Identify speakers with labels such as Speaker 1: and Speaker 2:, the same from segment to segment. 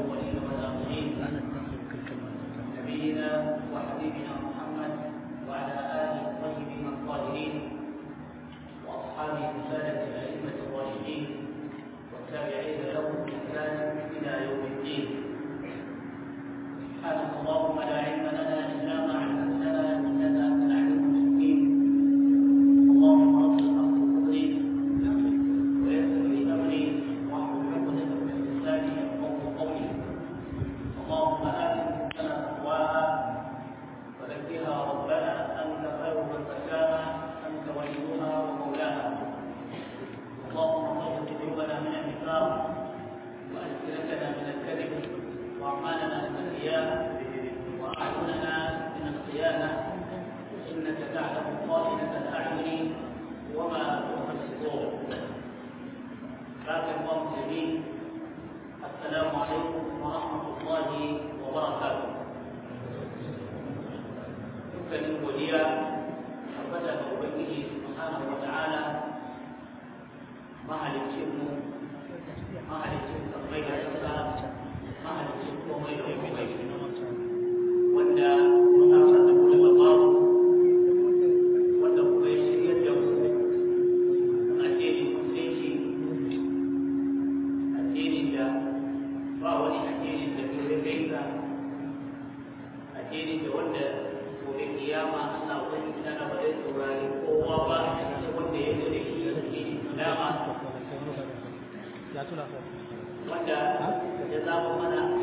Speaker 1: الاولين والاخرين وعلى اله الطيبين الطاهرين واصحابه الائمه الراشدين والتابعين suna wanda ya zama mana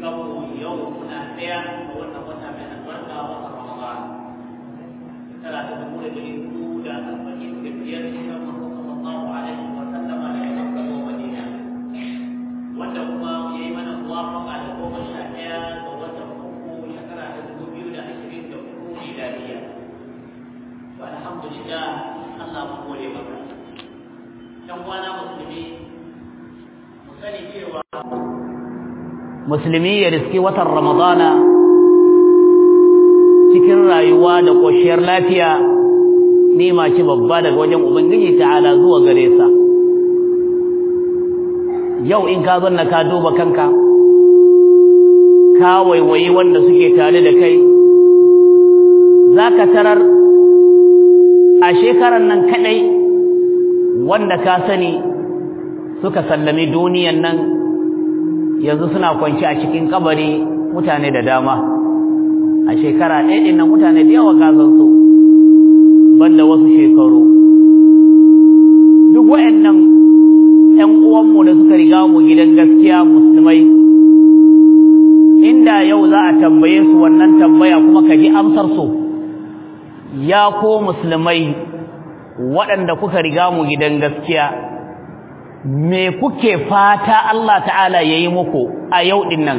Speaker 1: kawo yau muna ɗaya da wannan wata mai albarka wata ramadan tara ta dubu da ɗari
Speaker 2: musulmi ya riski watan ramadana cikin rayuwa da koshiyar lafiya nema ce babba daga wajen ubangiji ta'ala zuwa gare sa yau in ka zanna ka duba kanka ka waiwayi wanda suke tare da kai za ka tarar a shekarar nan kadai wanda ka sani suka sallami duniyan nan yanzu suna kwanci a cikin kabari mutane da dama a shekara ɗaya ɗin nan mutane da yawa gazan su banda wasu shekaru duk wa'annan ƴan uwanmu da suka riga mu gidan gaskiya musulmai inda yau za a tambaye su wannan tambaya kuma ka ji amsar su ya ko musulmai waɗanda kuka riga mu gidan gaskiya me kuke fata Allah ta'ala yayi muku a yau din nan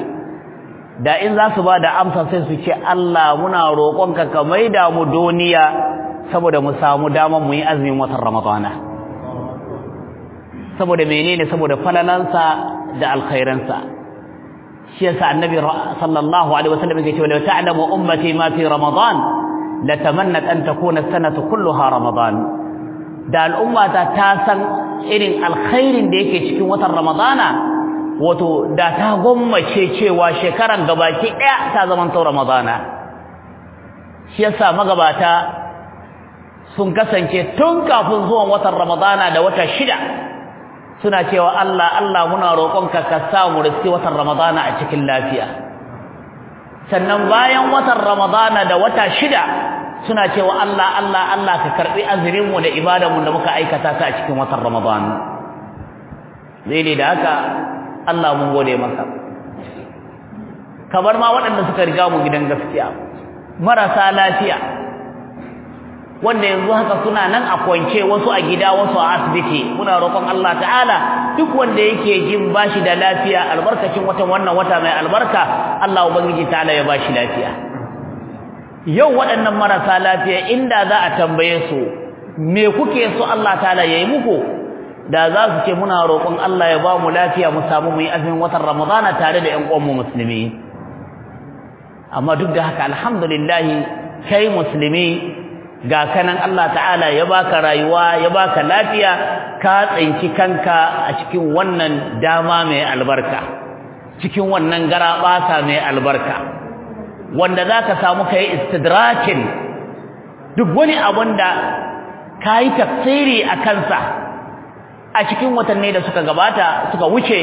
Speaker 2: da in za su ba da amsa sai su ce Allah muna roƙonka ka maida mu duniya saboda mu samu damar mu yi azumin watan Ramadana saboda menene saboda falalansa da alkhairansa shi yasa annabi sallallahu alaihi wasallam yake cewa la ta'lamu ummati ma fi ramadan latamannat an takuna as-sanatu kulluha ramadan da al'ummata ta san irin alkhairin da yake cikin watan ramadana wato da ta gwammace cewa shekaran gabaki daya ta zaman ta ramadana shi yasa magabata sun kasance tun kafin zuwan watan ramadana da wata shida suna cewa Allah Allah muna roƙonka ka sa mu riski watan ramadana a cikin lafiya sannan bayan watan ramadana da wata shida suna cewa Allah Allah Allah ka karbi azrin mu da ibadar mu da muka aikata ta a cikin watan Ramadan dai da haka Allah mun gode maka kamar ma waɗanda suka riga mu gidan gaskiya marasa lafiya wanda yanzu haka suna nan a kwance wasu a gida wasu a asibiti muna roƙon Allah ta'ala duk wanda yake jin bashi da lafiya albarkacin watan wannan wata mai albarka Allah ubangiji ta'ala ya bashi lafiya yau waɗannan marasa lafiya inda za a tambaye su me kuke so Allah ta'ala yayi muku da za su ce muna roƙon Allah ya ba mu lafiya mu samu mu yi azumin watan Ramadana tare da ƴan uwan mu musulmi amma duk da haka alhamdulillah kai musulmi ga kanan Allah ta'ala ya baka rayuwa ya baka lafiya ka tsinci kanka a cikin wannan dama mai albarka cikin wannan garabasa mai albarka wanda za ka samu kai istidrakin duk wani abun da yi tafsiri a kansa a cikin watanni da suka gabata suka wuce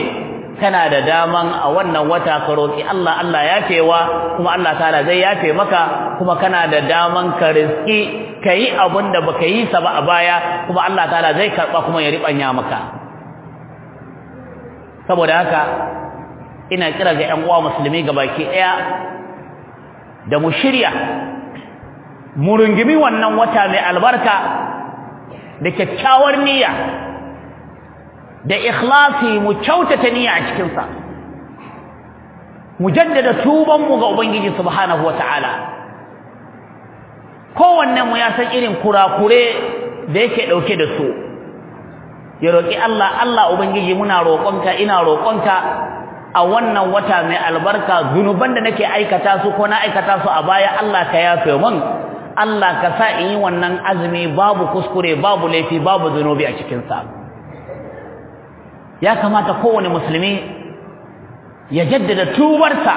Speaker 2: kana da daman a wannan wata ka roki Allah Allah ya kewa kuma Allah ta'ala zai yafe maka kuma kana da daman ka riski kai abun da baka yi sa ba a baya kuma Allah ta'ala zai karba kuma ya ribanya maka saboda haka ina kira ga 'yan uwa musulmi gabaki ɗaya da mu shirya mu rungumi wannan wata mai albarka da kyakkyawar niyya da ikhlasi mu kyautata niyya a cikin sa mu jaddada tuban mu ga ubangiji subhanahu wataala wannan mu ya san irin kurakure da yake dauke da su ya roƙi Allah Allah ubangiji muna roƙonta ina roƙonta. a wannan wata mai albarka zunuban da nake aikata su ko na aikata su a baya Allah ka yafe mun? Allah ka sa in yi wannan azumi babu kuskure babu laifi babu zunubi a cikin sa ya kamata kowane musulmi ya jaddada tubarsa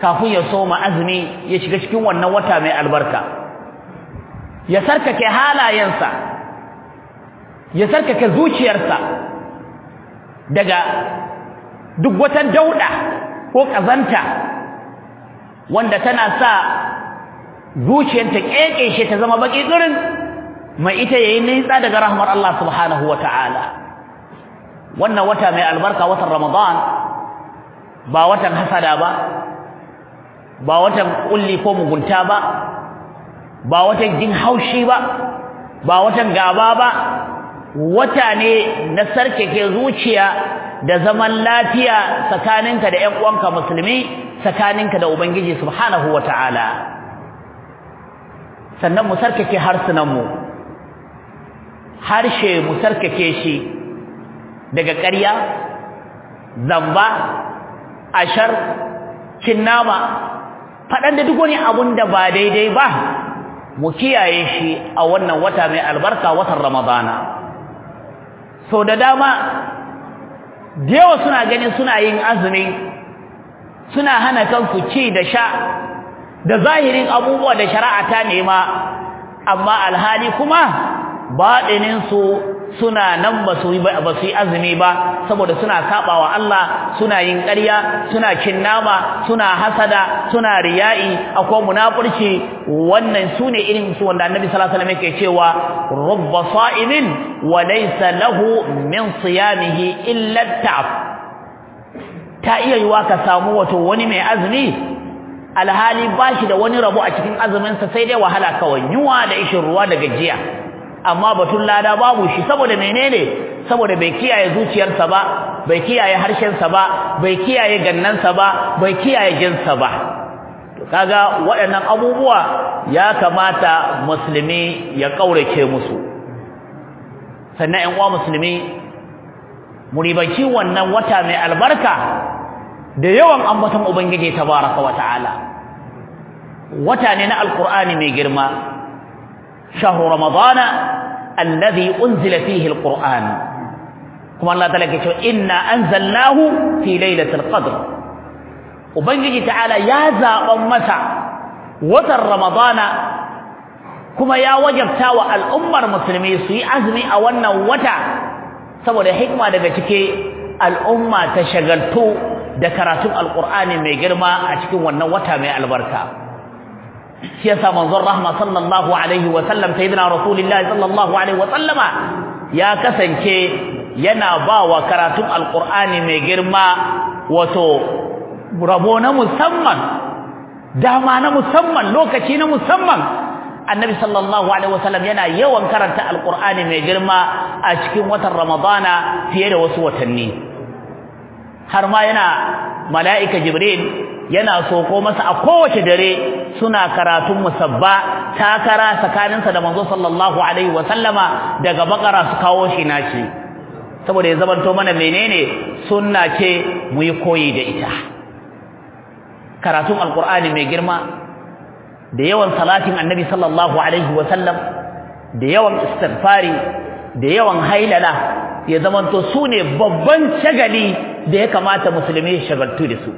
Speaker 2: kafin ya soma azumi ya shiga cikin wannan wata mai albarka ya sarkake halayensa ya sarkake zuciyarsa daga duk wata dauda ko kazanta wanda tana sa zuciyarta kekeshe ta zama baki durin mai ita yayi nitsa daga rahmar Allah subhanahu wataala wannan wata mai albarka watan Ramadan ba watan hasada ba ba watan kulli ko mugunta ba ba watan jin haushi ba ba watan gaba ba wata ne na sarkake zuciya da zaman lafiya tsakaninka da ƴan uwanka musulmi tsakaninka da ubangiji subhanahu wataala sannan mu sarkake harsunan mu harshe mu sarkake shi daga ƙarya zamba ashar cinnama faɗan da duk wani abun da ba daidai ba mu kiyaye shi a wannan wata mai albarka watan ramadana so da dama dewa suna ganin suna yin azumi suna hana kansu ci da sha da zahirin abubuwa da shari'a ta nema amma alhali kuma baɗininsu suna nan ba su yi azumi ba saboda suna saɓawa Allah suna yin ƙarya suna cin nama suna hasada suna riya'i akwai munafurci wannan sune ne irin su wanda annabi sallallahu alaihi wasallam yake cewa rubba sa'imin wa laysa lahu min siyamihi illa ta'ab ta iya yiwa ka samu wato wani mai azumi alhali bashi da wani rabo a cikin azumin sa sai dai wahala kawai yunwa da ishin ruwa da gajiya amma batun lada babu shi saboda menene saboda bai kiyaye zuciyarsa ba bai kiyaye harshensa ba bai kiyaye gannansa ba bai kiyaye jinsa ba to kaga waɗannan abubuwa ya kamata musulmi ya kaurace musu sannan ɗan uwa musulmi muribanci wannan wata mai albarka da yawan ambaton ubangiji tabaraka wa ta'ala wata ne na alqur'ani mai girma شهر رمضان الذي انزل فيه القران كما الله تعالى إنا انزلناه في ليله القدر وبنجي تعالى يا ذا امه وتر رمضان كما يا وجب تاوى الأمة المسلمين سي ازمي او ان وتا saboda hikma daga cike al'umma ta shagaltu da karatun alqur'ani mai girma a shi yasa manzon rahma sallallahu alaihi wa sallam sayyidina rasulullahi sallallahu alaihi wa sallama ya kasance yana bawa karatun alqur'ani mai girma wato rabo na musamman dama na musamman lokaci na musamman annabi sallallahu alaihi wasallam yana yawan karanta alqur'ani mai girma a cikin watan ramadana fiye da wasu watanni har ma yana mala'ika jibril yana soko masa a kowace dare suna karatun musabba takara tsakaninsa da manzo sallallahu alaihi wa sallama daga bakara su kawo shi naci saboda ya zamanto mana menene sunna ce mu yi koyi da ita karatun alqur'ani mai girma da yawan salatin annabi sallallahu alaihi wa sallam da yawan istighfari da yawan hailala ya zamanto su ne babban shagali da ya kamata musulmi shagaltu da su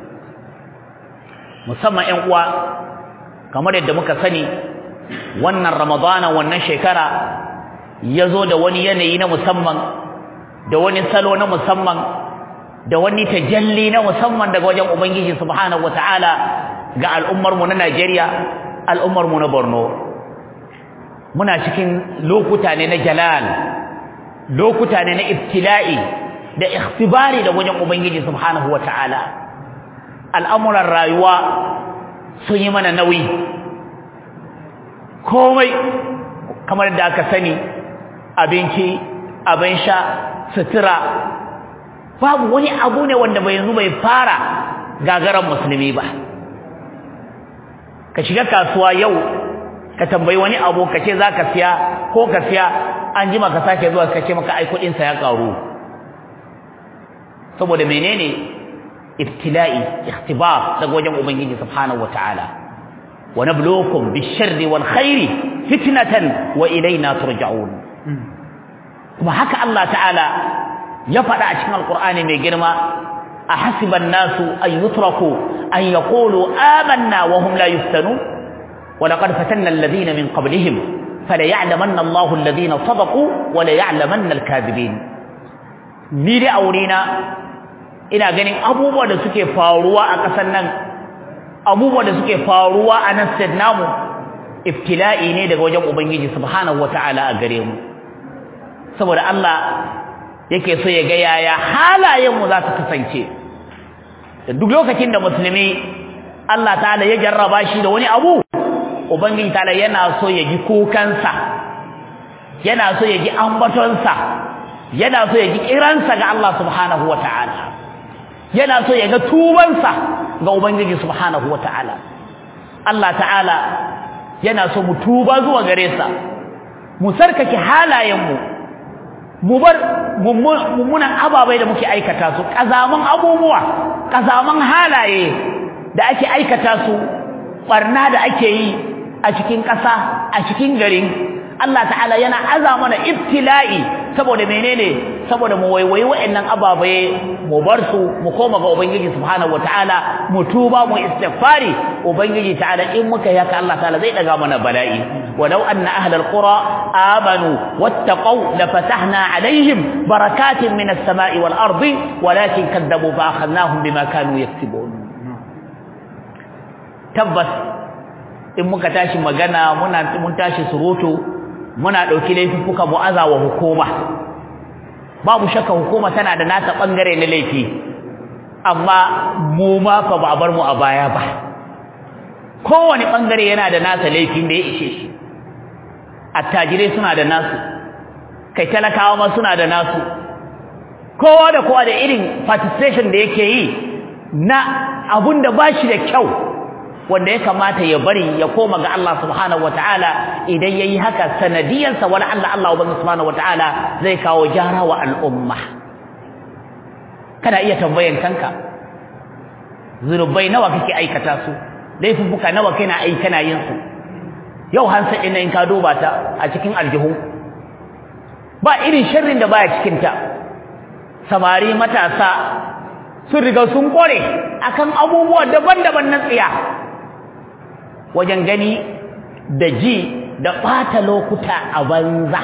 Speaker 2: musamman ƴan uwa kamar yadda muka sani wannan ramadana wannan shekara ya zo da wani yanayi na musamman da wani salo na musamman da wani tajalli na musamman daga wajen ubangiji subhanahu wataala ga al'ummarmu na Najeriya al'ummarmu na Borno muna cikin lokuta ne na jalal lokuta ne na ibtila'i da ikhtibari da wajen ubangiji subhanahu wataala al'amuran rayuwa sun yi mana nauyi komai kamar da aka sani abinci abin sha sutura babu wani abu ne wanda bai yanzu bai fara gagaran musulmi ba ka shiga kasuwa yau ka tambayi wani abu ka ce za ka siya ko ka siya an jima ka sake zuwa ka ce maka aikudinsa ya karu saboda menene ابتلائي اختبار دغوجا وبنجي سبحانه وتعالى ونبلوكم بالشر والخير فتنه والينا ترجعون كما حكى الله تعالى يفدا في القران ميغرما احسب الناس ان يتركوا ان يقولوا آمنا وهم لا يفتنون ولقد فتنا الذين من قبلهم فليعلمن الله الذين صدقوا وليعلمن الكاذبين ميري اورينا ina ganin abubuwa da suke faruwa a ƙasar nan abubuwa da suke faruwa a nan sai namu iftila'i ne daga wajen ubangiji subhanahu wata'ala a gare mu saboda Allah yake so ya ga yaya halayen mu za su kasance da duk lokacin da musulmi Allah ta'ala ya jarraba shi da wani abu ubangiji ta'ala yana so ya ji kukansa yana so ya ji ambatonsa yana so ya ji kiransa ga Allah subhanahu wata'ala yana so ya ga tubansa ga ubangiji subhanahu wataala Allah ta'ala yana so mu tuba zuwa gare sa mu sarkake halayenmu mu bar mummunan ababai da muke aikata su kazaman abubuwa kazaman halaye da ake aikata su barna da ake yi a cikin ƙasa a cikin garin Allah ta'ala yana aza mana ibtila'i saboda menene saboda mu waiwayi wayannan ababaye mu bar su mu koma ga ubangiji subhanahu wataala mu tuba mu istighfari ubangiji ta'ala in muka yaka Allah ta'ala zai daga mana bala'i ولو أن أهل القرى آمنوا واتقوا لفتحنا عليهم بركات من السماء والأرض ولكن كذبوا فأخذناهم بما كانوا يكسبون تبس in muka tashi magana muna mun tashi surutu muna dauki laifuka mu azawa hukuma babu shakka hukuma tana da nata bangare na laifi amma mu ma fa ba bar mu a baya ba kowane bangare yana da nasa laifin da ya ishe shi attajirai suna da nasu kai talakawa ma suna da nasu kowa da kowa da irin participation da yake yi na abun da bashi da kyau wanda ya kamata ya bari ya koma ga Allah subhanahu wataala idan yayi haka sanadiyarsa wani Allah Allah subhanahu wataala zai kawo jara wa al'umma kana iya tambayan kanka zunubai nawa kake aikata su Laifufuka nawa kana ai kana yin su yau hansa ina in ka duba ta a cikin aljihu ba irin sharrin da baya cikin ta samari matasa sun riga sun kore akan abubuwa daban-daban na tsiya wajen gani da ji da ɓata lokuta a banza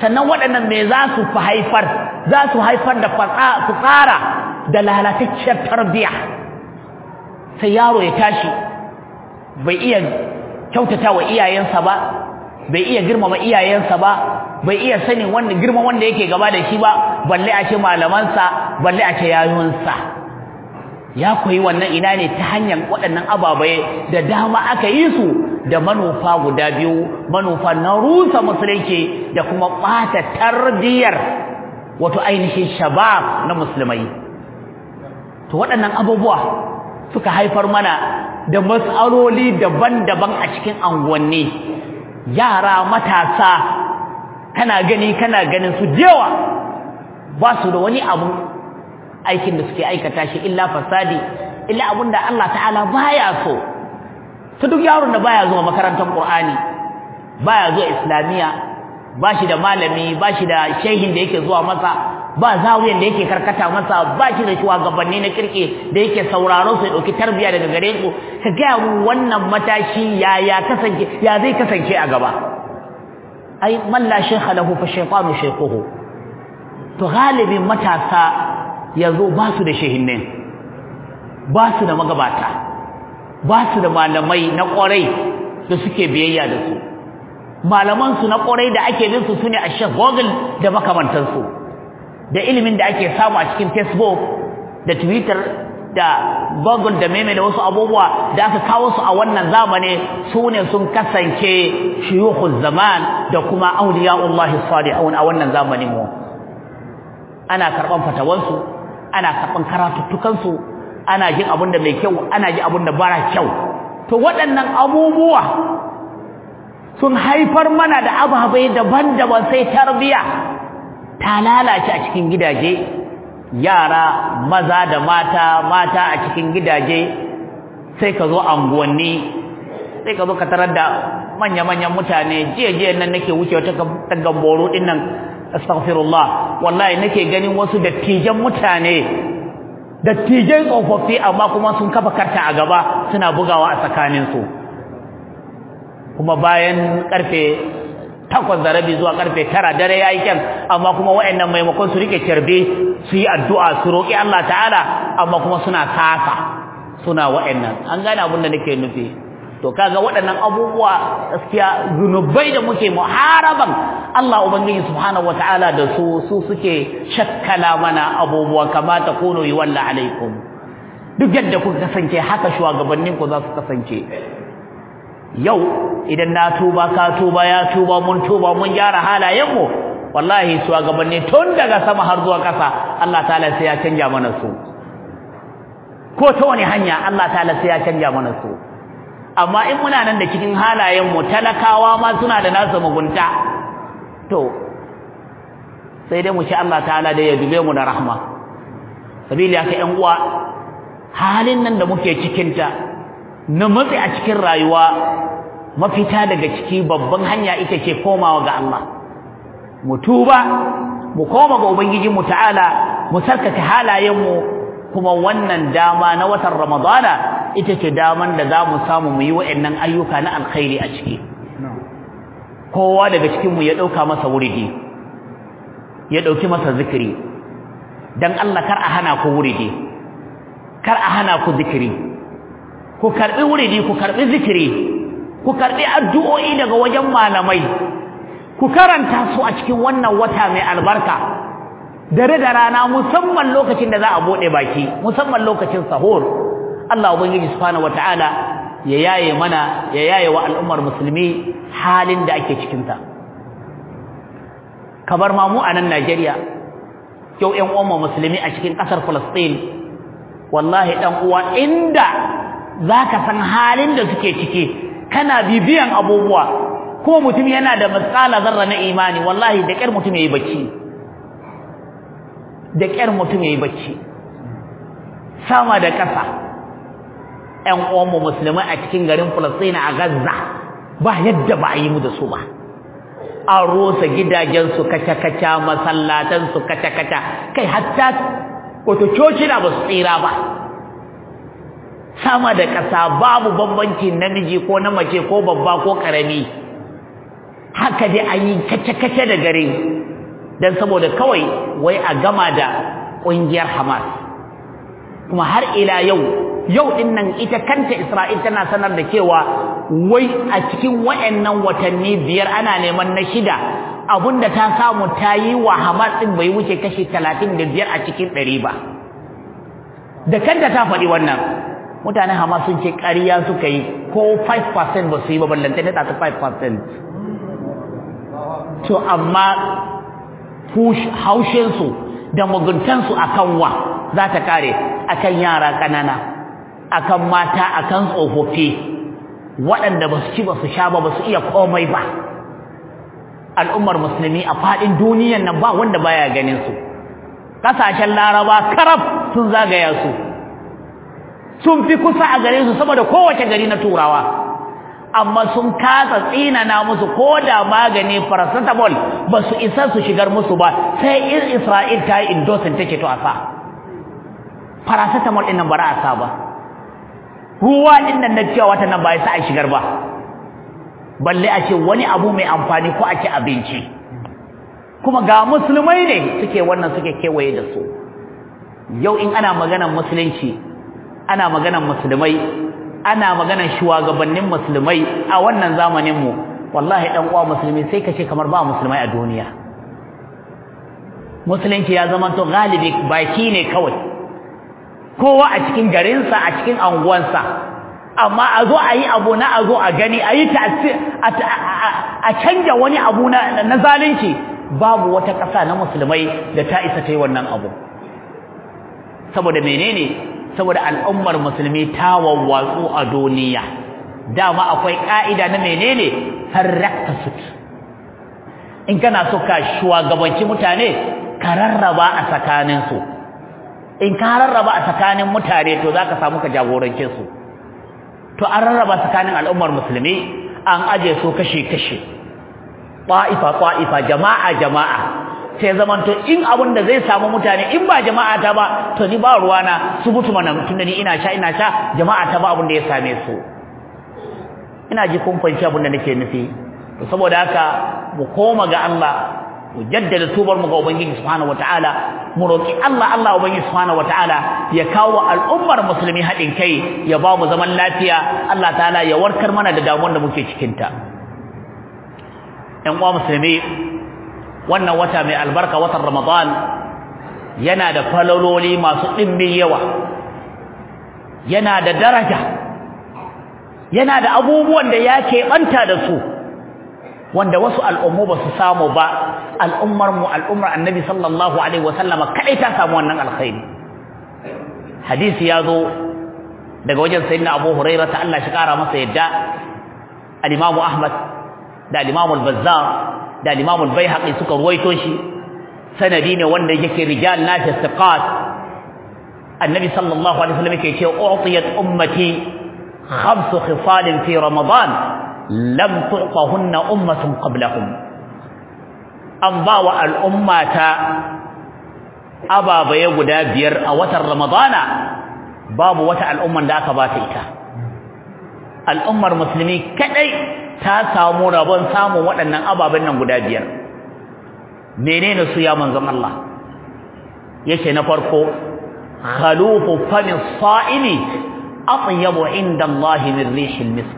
Speaker 2: sannan waɗannan mai za su fi haifar za su haifar da fatsara da lalatacciyar tarbiya sai yaro ya tashi bai iya kyautata wa iyayensa ba bai iya girmama iyayensa ba bai iya sanin girma wanda yake gaba da shi ba balle a ce malamansa balle a ce yayunsa ya koyi wannan ina ne ta hanyar waɗannan ababai da dama aka yi su da manufa guda biyu manufa na rusa musulunci da kuma ɓata tarbiyyar wato ainihin shabab na musulmai to waɗannan abubuwa suka haifar mana da matsaloli daban-daban a cikin anguwanni yara matasa kana gani kana ganin su jewa ba su da wani abu aikin da suke aikata shi illa fasadi illa abinda Allah ta'ala baya so ta duk yaron da baya zuwa makarantar Qur'ani baya zuwa islamiyya bashi da malami bashi da shehin da yake zuwa masa ba zawiyan da yake karkata masa bashi da shugabanni na kirki da yake sauraro su dauki tarbiya daga gare ku ka ga wannan matashi ya ya kasance ya zai kasance a gaba ai man la shaykha lahu fa shaytanu shaykhuhu to galibin matasa yanzu ba su da shehinnin ba su da magabata ba su da malamai na ƙwarai da suke biyayya da su malamansu na ƙwarai da ake bin su sune a google da makamantansu da ilimin da ake samu a cikin facebook da twitter da google da meme da wasu abubuwa da aka kawo su a wannan zamani su ne sun kasance shuyukhul zaman da kuma auliya salihun a wannan zamanin mu ana karban fatawansu ana karɓan karatuttukansu ana jin abin da mai kyau ana jin abin bara kyau to waɗannan abubuwa sun haifar mana da ababe daban-daban sai tarbiya ta lalace a cikin gidaje yara maza da mata mata a cikin gidaje sai ka zo anguwanni sai ka zo ka tarar da manya-manyan mutane jiya-jiya nan nake wuce wata gamboro ɗin nan astaghfirullah wallahi nake ganin wasu dattijan mutane dattijan tsofaffi amma kuma sun kafa karta a gaba suna bugawa a tsakanin su kuma bayan karfe takwas da rabi zuwa karfe tara dare yayi kan amma kuma waɗannan maimakon su rike kirbe su yi addu'a su roki Allah ta'ala amma kuma suna kafa suna waɗannan an gane abin da nake nufi to kaga waɗannan abubuwa gaskiya zunubai da muke muharaban Allah ubangiji subhanahu wataala da su su suke shakkala mana abubuwa kama ta kuno yi walla alaikum duk yadda kuka kasance haka shugabannin ku za su kasance yau idan na tuba ka tuba ya tuba mun tuba mun gyara halayenmu wallahi shugabanni tun daga sama har zuwa ƙasa Allah ta'ala sai ya canja mana su ko ta wani hanya Allah ta'ala sai ya canja mana su amma in muna nan da cikin halayen mu talakawa ma suna da nasu mugunta to sai dai mu ci Allah ta'ala da ya dube mu da rahma sabili aka ƴan uwa halin nan da muke cikin ta na matsi a cikin rayuwa mafita daga ciki babban hanya ita ce komawa ga Allah mu tuba mu koma ga ubangiji mu ta'ala mu sarkata halayen mu kuma wannan dama na watan ramadana ita ce daman da za mu samu mu yi wa'annan ayyuka na alkhairi a ciki kowa daga cikinmu ya ɗauka masa wuridi ya ɗauki masa zikiri don Allah kar a hana ku wuridi kar a hana ku zikiri ku karɓi wuridi ku karɓi zikiri ku karɓi addu'o'i daga wajen malamai ku karanta su a cikin wannan wata mai albarka dare da rana musamman lokacin da za a bude baki musamman lokacin sahur Allah ubangiji subhanahu wataala ya yaye mana ya yaye wa al'ummar musulmi halin da ake cikin ta kamar ma mu a nan Najeriya yau ɗan uwan musulmi a cikin ƙasar Palestine wallahi ɗan uwa inda zaka san halin da suke ciki kana bibiyan abubuwa ko mutum yana da matsala zarra na imani wallahi da ƙyar mutum yayi bacci da ƙyar mutum yayi bacci sama da ƙasa ƴan mu musulmai a cikin garin Falastina a Gaza ba yadda ba a yi mu da su ba an rusa gidajensu kaca-kaca masallatansu kaca-kaca kai hatta wato coci ba su tsira ba sama da ƙasa babu bambanci namiji ko na mace ko babba ko ƙarami haka dai an yi kace-kace da gare don saboda kawai wai a gama da ƙungiyar hamas kuma har ila yau yau din nan ita kanta Isra'il tana sanar da cewa wai a cikin wayannan watanni biyar ana neman na shida abinda ta samu ta yi wa Hamas din bai wuce kashi 35 a cikin ɗari ba da kanta ta faɗi wannan mutanen Hamas sun ce ƙarya suka yi ko 5% ba su yi ba ballanta ne 5%. to amma haushinsu da muguntansu akan wa za ta kare akan yara kanana akan mata akan tsofaffi waɗanda ba su ci ba su sha ba ba su iya komai ba al'ummar musulmi a faɗin duniyan nan ba wanda baya ganin su ƙasashen laraba karab sun zagaya su sun fi kusa a gare su saboda kowace gari na turawa amma sun kasa na musu ko da magani paracetamol ba su isa su shigar musu ba sai in isra'il ta yi indosin take to a sa paracetamol ba a ba ruwa ɗinnan na cewa wata nan ba ya sa a shigar ba balle a ce wani abu mai amfani ko a ce abinci kuma ga musulmai ne suke wannan suke kewaye da su yau in ana maganan musulunci ana maganan musulmai ana maganar shugabannin musulmai a wannan zamanin mu wallahi dan uwa musulmi sai kace kamar ba musulmai a duniya musulunci ya zama to galibi baki ne kawai kowa a cikin garinsa a cikin sa amma a zo a yi abu na a zo a gani a yi a canja wani abu na zalunci babu wata kasa na musulmai da ta isa ta wannan abu saboda menene saboda al'ummar musulmi ta wawwatsu a duniya dama akwai ka'ida na menene harraktasut in kana so ka shugabanci mutane ka rarraba a tsakanin su in ka rarraba a tsakanin mutane to zaka samu ka jagorance su to an rarraba tsakanin al'ummar musulmi an aje su kashe kashe ta'ifa ta'ifa jama'a jama'a sai zaman to in abun da zai samu mutane in ba jama'a ta ba to ni ba na su mutu mana tunda ni ina sha ina sha jama'a ta ba abun da ya same su ina ji kun fanci abun da nake nufi to saboda haka mu koma ga Allah mu jaddada tubar mu ga ubangiji subhanahu wataala mu roki Allah Allah ubangiji subhanahu wataala ya kawo al'ummar musulmi hadin kai ya ba mu zaman lafiya Allah ta'ala ya warkar mana da damuwar da muke cikin ta ƴan uwa musulmi wannan wata mai albarka watan ramadan yana da falololi masu ɗimbin yawa yana da daraja yana da abubuwan da ya banta da su wanda wasu al'ummu ba su samu ba mu al'ummar annabi sallallahu alaihi wasallama kaɗai ta samu wannan alkhairi hadisi ya zo daga wajen sayyidina abu hurairah ta Allah shi kara masa yadda al-imamu ahmad da al-imamu al-bazzar da Imam al-Baihaqi suka ruwaito shi sanadi ne wanda yake rijal nashi thiqat annabi sallallahu alaihi wasallam yake cewa u'tiyat ummati khams khifal fi ramadan lam tu'tahunna ummatun qablahum an bawa al'ummata ababaye guda biyar a watan ramadana babu wata al'umman da aka bata ita al'ummar musulmi kadai ta samu rabon samun waɗannan ababen nan guda biyar menene su ya manzon Allah yake na farko khalufu famin sa'imi atyabu inda Allah min rihil misk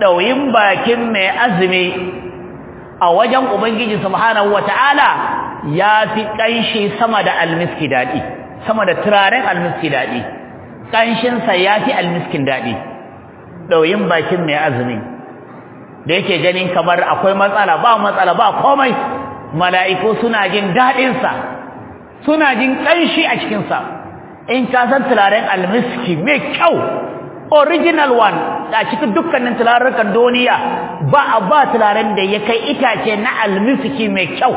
Speaker 2: dauyin bakin mai azumi a wajen ubangiji subhanahu wataala fi kanshi sama da almiski dadi sama da turaren almiski dadi ƙanshinsa ya fi almiskin daɗi ɗauyin bakin mai azumi da yake ganin kamar akwai matsala ba matsala ba komai mala'iku suna jin daɗinsa suna jin kanshi a cikinsa in ka san turaren almiski mai kyau original one a cikin dukkanin kan duniya ba a ba tularen da ya kai itace na almiski mai kyau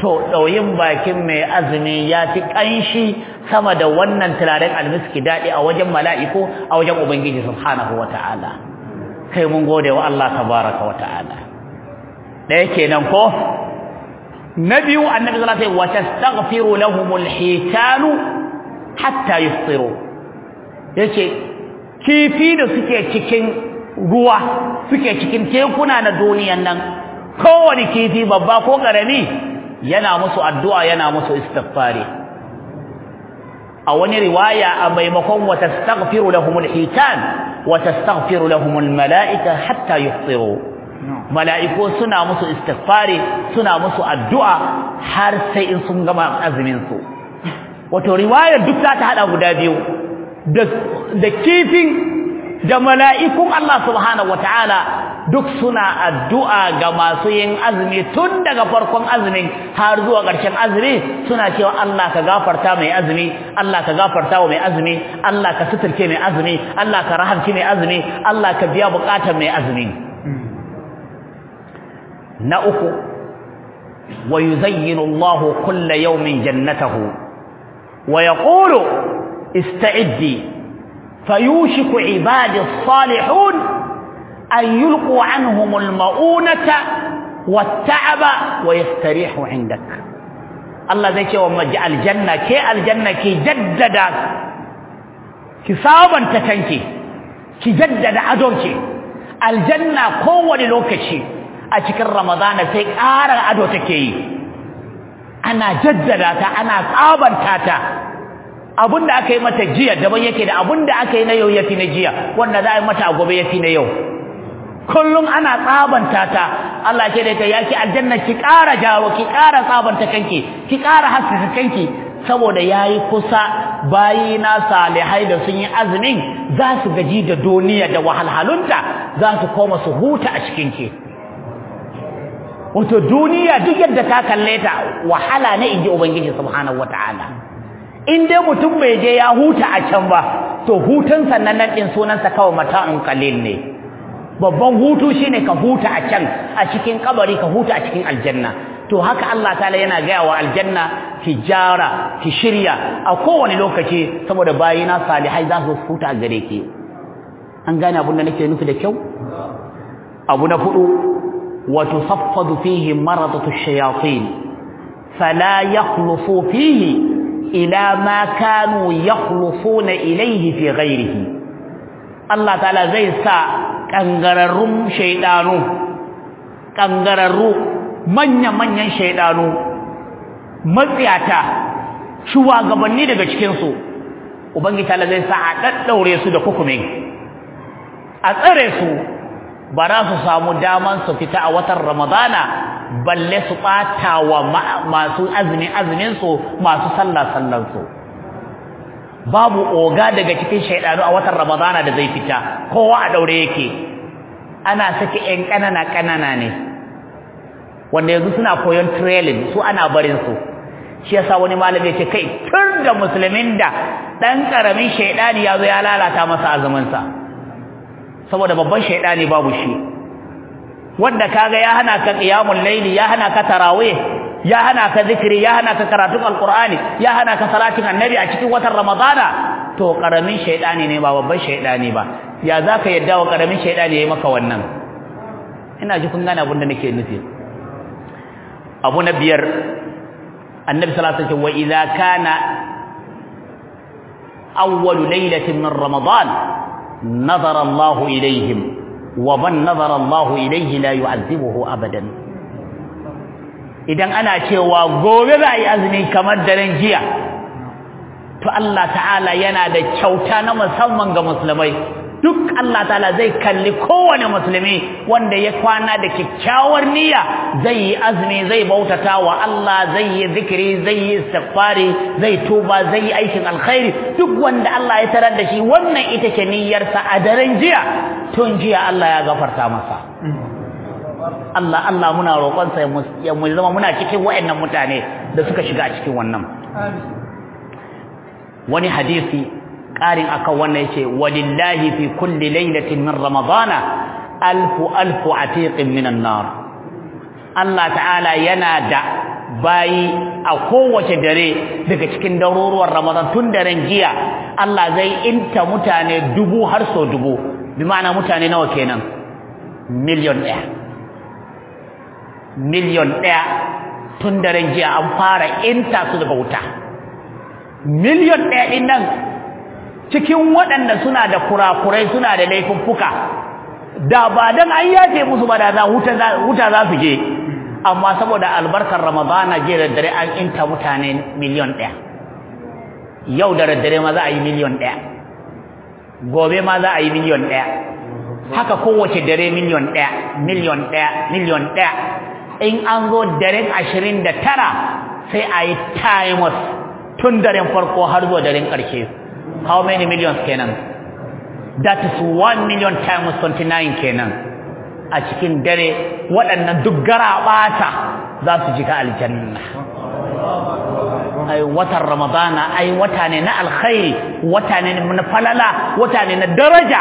Speaker 2: to ɗauyin bakin mai azumi ya fi ƙanshi sama da wannan turaren almiski daɗi a wajen mala'iku a wajen ubangiji subhanahu wa ta'ala kai mun gode wa Allah tabaraka wa ta'ala yake nan ko na biyu annabi sallallahu alaihi wa tastaghfiru lahumul hitanu hatta Ya yake kifi da suke cikin ruwa suke cikin tekuna na duniyan nan kowane kifi babba ko karami yana musu addu'a yana musu istighfari a wani riwaya a maimakon wa tastaghfiru lahumul hitan wa tastaghfiru lahumul mala'ika hatta yuhsiru mala'iku suna musu istighfari suna musu addu'a har sai in sun gama azumin su wato riwayar duk za ta hada guda biyu da kifin da mala'ikun Allah subhanahu wataala duk suna addu'a ga masu yin azumi tun daga farkon azumin har zuwa ƙarshen azumi suna cewa Allah ka gafarta mai azumi Allah ka gafarta wa mai azumi Allah ka suturce mai azumi Allah ka rahamci mai azumi Allah ka biya buƙatar mai azumi na uku wa yuzayyinu Allahu kulla yawmin jannatahu wa yaqulu استعدي فيوشك عبادي salihun ayulqu anhumul maunata wattaba wayastarihu indak Allah zai ce wa majal aljanna, ke aljanna ki jaddada ki sauban ta kanki ki jaddada adonki aljanna kowani lokaci a cikin Ramadana sai ƙara ado take yi ana jaddada ta ana tsaban ta abunda aka yi mata jiya daban yake da abunda aka yi na yau yafi na jiya wanda za a yi mata a gobe yafi na yau kullum ana tsabanta ta Allah ke da ya ki aljanna ki ƙara jawo ki ƙara tsabanta kanki ki ƙara haskaka kanki saboda yayi kusa bayi na salihai da sun yi azumin za su gaji da duniya da wahalhalunta za su koma su huta a cikin ki wato duniya duk yadda ta kalle ta wahala ne inji ubangiji subhanahu wataala in dai mutum bai je ya huta a can ba to hutun sannan nan din sunansa kawai mata'un qalil ne babban hutu shine ka huta a can a cikin kabari ka huta a cikin aljanna to haka Allah ta'ala yana gaya wa aljanna ki jara ki shirya a kowane lokaci saboda bayina salihai za su huta a gare ki an gane abun da nake nufi da kyau abu na hudu wa tusaffadu fihi maradatu shayatin fala yakhlufu fihi ila ma kanu yakhlufuna ilayhi fi ghairihi Allah ta'ala zai sa kangararrun shaidanu kangararru manya-manyan shaidanu matsiyata shuwa gabanni daga cikinsu ubangiji Allah zai sa a daddaure su da kukume a tsare su bara su samu daman su fita a watan ramadana balle su ɓata wa masu azumin azuminsu masu sallah sallansu babu oga daga cikin shaidanu a watan ramadana da zai fita kowa a daure yake ana saki yan kanana kanana ne wanda yanzu suna koyon trailing su ana barin su shi yasa wani malami yake kai tun da musulmin da dan karamin shaidani yazo ya lalata masa azumin sa saboda babban shaidani babu shi wanda kaga ya hana ka qiyamul layli ya hana ka tarawih ya hana ka zikiri ya hana ka karatun alqur'ani ya hana ka salatin annabi a cikin watan ramadana to karamin shaydani ne ba babban shaydani ba ya zaka yadda wa karamin shaydani yayi maka wannan ina ji kun gane abin da nake nufi abu na biyar annabi sallallahu alaihi wasallam wa idza kana awwalu laylatin min ramadan nadara Allahu ilaihim wa man nadara Allahu ilaihi la yu'adhibuhu abadan idan ana cewa gobe za a yi azumi kamar daren jiya to Allah ta'ala yana da kyauta na musamman ga musulmai duk Allah ta'ala zai kalli kowane musulmi wanda ya kwana da kyakkyawar niyya zai yi azumi zai bautata wa Allah zai yi zikiri zai yi istighfari zai tuba zai yi aikin alkhairi duk wanda Allah ya tarar da shi wannan ita ce niyyarsa a daren jiya tun jiya Allah ya gafarta masa Allah Allah muna roƙon sa ya mu zama muna cikin wayannan mutane da suka shiga cikin wannan wani hadisi ƙarin akan wannan yace walillahi fi kulli lailatin min ramadana alfu alfu atiqin minan nar Allah ta'ala yana da bayi a kowace dare daga cikin daruruwar Ramadan tun daren jiya Allah zai inta mutane dubu har so dubu bi ma'ana mutane nawa kenan miliyon ɗaya miliyon ɗaya tun daren jiya an fara inta su daga wuta miliyon ɗaya ɗin nan cikin waɗanda suna da kurakurai suna da laifuffuka da ba don an yace musu ba da wuta za su je amma saboda albarkar ramadana je da dare an inta mutane miliyon ɗaya yau da daddare ma za a yi miliyon ɗaya gobe ma za a yi miliyon ɗaya haka kowace dare miliyon ɗaya miliyon ɗaya miliyon ɗaya in an zo daren ashirin da tara sai a yi timers tun daren farko har zuwa daren ƙarshe how many millions kenan that is 1 million times 29 kenan a cikin dare waɗannan duk gara ɓata za su jika aljanna ai watan ramadana ai wata ne na alkhairi wata ne na falala wata ne na daraja